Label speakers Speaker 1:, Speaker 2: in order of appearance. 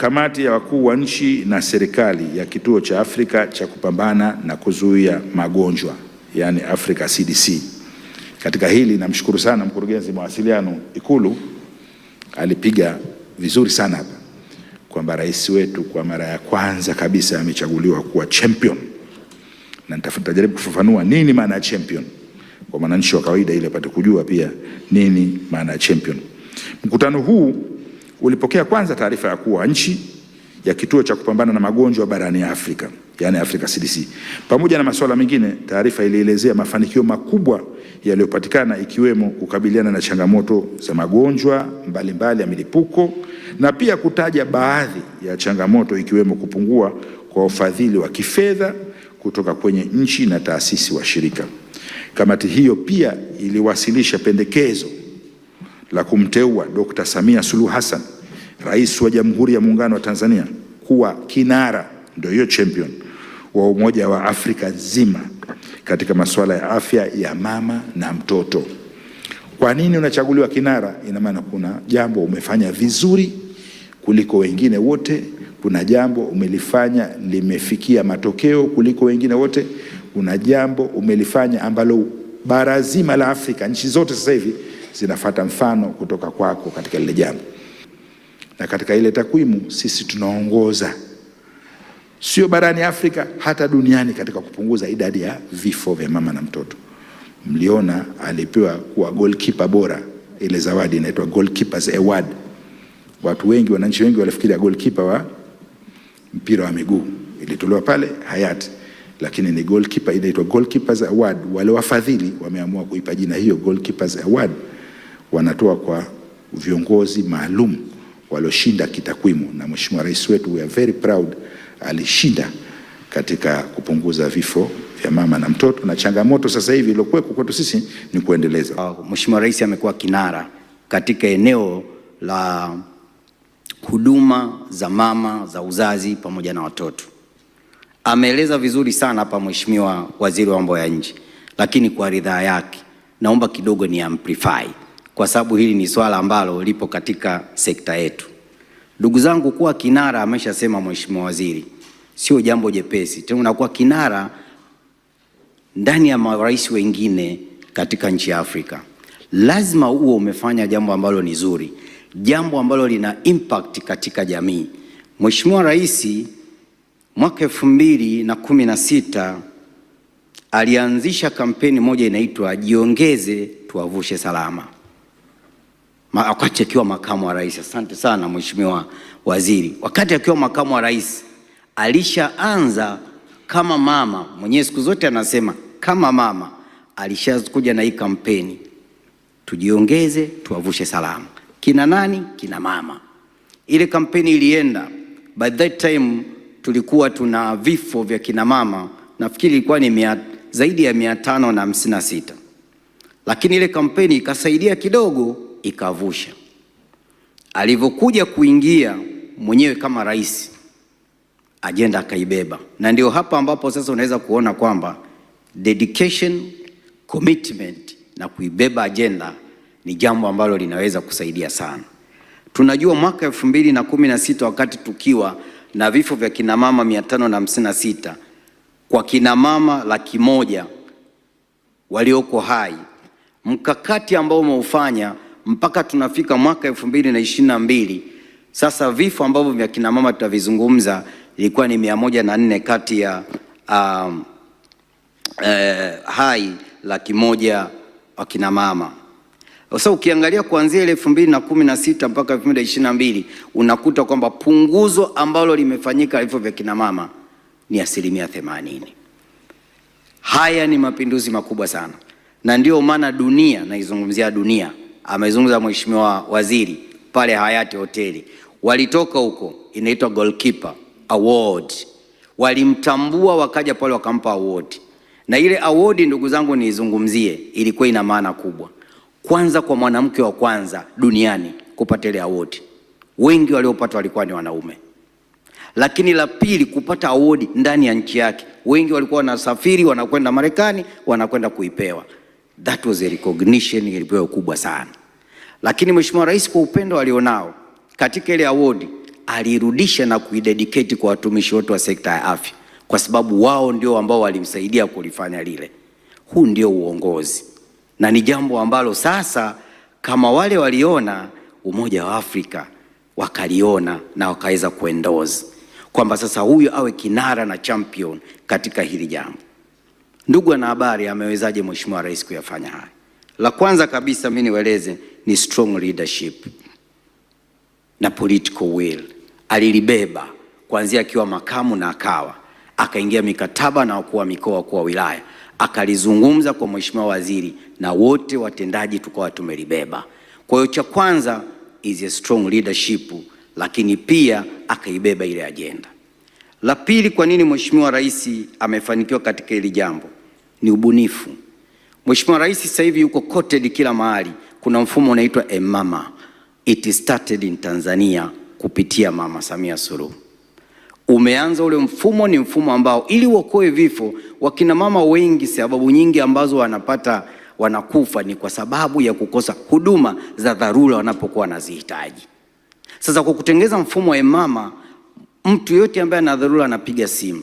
Speaker 1: Kamati ya wakuu wa nchi na serikali ya kituo cha Afrika cha kupambana na kuzuia magonjwa yani Africa CDC. Katika hili namshukuru sana mkurugenzi mawasiliano Ikulu, alipiga vizuri sana hapa kwamba rais wetu kwa mara ya kwanza kabisa amechaguliwa kuwa champion, na nitajaribu kufafanua nini maana ya champion kwa mwananchi wa kawaida ili apate kujua pia nini maana ya champion. Mkutano huu ulipokea kwanza taarifa ya kuwa nchi ya kituo cha kupambana na magonjwa barani Afrika, yani Africa CDC. Pamoja na masuala mengine, taarifa ilielezea mafanikio makubwa yaliyopatikana ikiwemo kukabiliana na changamoto za magonjwa mbalimbali mbali ya milipuko na pia kutaja baadhi ya changamoto ikiwemo kupungua kwa ufadhili wa kifedha kutoka kwenye nchi na taasisi wa shirika Kamati hiyo pia iliwasilisha pendekezo la kumteua Dr. Samia Suluhu Hassan Rais wa Jamhuri ya Muungano wa Tanzania kuwa kinara, ndio hiyo champion wa Umoja wa Afrika nzima katika masuala ya afya ya mama na mtoto. Kwa nini unachaguliwa kinara? Ina maana kuna jambo umefanya vizuri kuliko wengine wote, kuna jambo umelifanya limefikia matokeo kuliko wengine wote, kuna jambo umelifanya ambalo bara zima la Afrika, nchi zote sasa hivi zinafata mfano kutoka kwako katika lile jambo na katika ile takwimu sisi tunaongoza sio barani Afrika, hata duniani katika kupunguza idadi ya vifo vya mama na mtoto. Mliona alipewa kuwa goalkeeper bora, ile zawadi inaitwa Goalkeepers Award. Watu wengi, wananchi wengi walifikiria goalkeeper wa mpira wa miguu, ilitolewa pale Hayati, lakini ni goalkeeper, inaitwa Goalkeepers Award. Wale wafadhili wameamua kuipa jina hiyo Goalkeepers Award, wanatoa kwa viongozi maalum walioshinda kitakwimu, na mheshimiwa rais wetu we are very proud alishinda katika kupunguza vifo vya mama na mtoto, na changamoto sasa hivi iliyokuwepo kwetu sisi ni kuendeleza.
Speaker 2: Uh, mheshimiwa Rais amekuwa kinara katika eneo la huduma za mama za uzazi pamoja na watoto. Ameeleza vizuri sana hapa Mheshimiwa Waziri wa Mambo ya Nje, lakini kwa ridhaa yake naomba kidogo ni amplify kwa sababu hili ni swala ambalo lipo katika sekta yetu. Ndugu zangu, kuwa kinara, ameshasema mheshimiwa waziri, sio jambo jepesi, tena unakuwa kinara ndani ya marais wengine katika nchi ya Afrika. Lazima uwe umefanya jambo ambalo ni zuri, jambo ambalo lina impact katika jamii. Mheshimiwa Rais mwaka elfu mbili na kumi na sita alianzisha kampeni moja inaitwa jiongeze tuwavushe salama wakati akiwa makamu wa rais. Asante sana mheshimiwa waziri. Wakati akiwa makamu wa rais alishaanza kama mama mwenyewe, siku zote anasema kama mama, alishakuja na hii kampeni, tujiongeze tuwavushe salama. Kina nani? Kina mama. Ile kampeni ilienda, by that time tulikuwa tuna vifo vya kina mama, nafikiri ilikuwa ni mia, zaidi ya mia tano na hamsini na sita, lakini ile kampeni ikasaidia kidogo ikavusha. Alivyokuja kuingia mwenyewe kama rais, ajenda akaibeba, na ndio hapa ambapo sasa unaweza kuona kwamba dedication, commitment na kuibeba ajenda ni jambo ambalo linaweza kusaidia sana. Tunajua mwaka elfu mbili na kumi na sita wakati tukiwa na vifo vya kinamama mia tano na hamsini na sita kwa kinamama laki moja walioko hai, mkakati ambao umeufanya mpaka tunafika mwaka elfu mbili na ishirini na mbili. Sasa vifo ambavyo vya kina mama tutavizungumza ilikuwa ni mia moja na nne kati ya um, e, hai laki moja wakina mama. Sasa ukiangalia kuanzia ile elfu mbili na kumi na sita mpaka elfu mbili na ishirini na mbili unakuta kwamba punguzo ambalo limefanyika vifo vya kina mama ni asilimia themanini. Haya ni mapinduzi makubwa sana, na ndio maana dunia naizungumzia dunia amezungumza mheshimiwa waziri pale Hayati hoteli, walitoka huko, inaitwa goalkeeper award, walimtambua wakaja pale wakampa award. Na ile award ndugu zangu niizungumzie, ilikuwa ina maana kubwa, kwanza kwa mwanamke wa kwanza duniani kupata ile award. Wengi waliopata walikuwa ni wanaume, lakini la pili, kupata award ndani ya nchi yake. Wengi walikuwa wanasafiri wanakwenda Marekani, wanakwenda kuipewa. That was a recognition ilipewa kubwa sana. Lakini Mheshimiwa Rais kwa upendo alionao katika ile awodi aliirudisha na kuidedicate kwa watumishi wote wa sekta ya afya, kwa sababu wao ndio ambao walimsaidia kulifanya lile. Huu ndio uongozi, na ni jambo ambalo sasa kama wale waliona Umoja wa Afrika wakaliona na wakaweza kuendoza kwamba sasa huyu awe kinara na champion katika hili jambo. Ndugu wanahabari, amewezaje Mheshimiwa Rais kuyafanya haya? La kwanza kabisa mimi niweleze ni strong leadership na political will. Alilibeba kuanzia akiwa makamu na akawa akaingia mikataba na wakuu wa mikoa, wakuu wa wilaya, akalizungumza kwa mheshimiwa waziri na wote watendaji tukawa tumelibeba. Kwa hiyo cha kwanza is a strong leadership, lakini pia akaibeba ile ajenda. La pili, kwa nini mheshimiwa rais amefanikiwa katika hili jambo ni ubunifu. Mheshimiwa Rais sasa hivi yuko kote kila mahali, kuna mfumo unaitwa eMama. It started in Tanzania kupitia Mama Samia Suluhu. Umeanza ule mfumo, ni mfumo ambao ili uokoe vifo. Wakina mama wengi, sababu nyingi ambazo wanapata wanakufa ni kwa sababu ya kukosa huduma za dharura wanapokuwa wanazihitaji. Sasa kwa kutengeza mfumo wa eMama, mtu yote ambaye ana dharura anapiga simu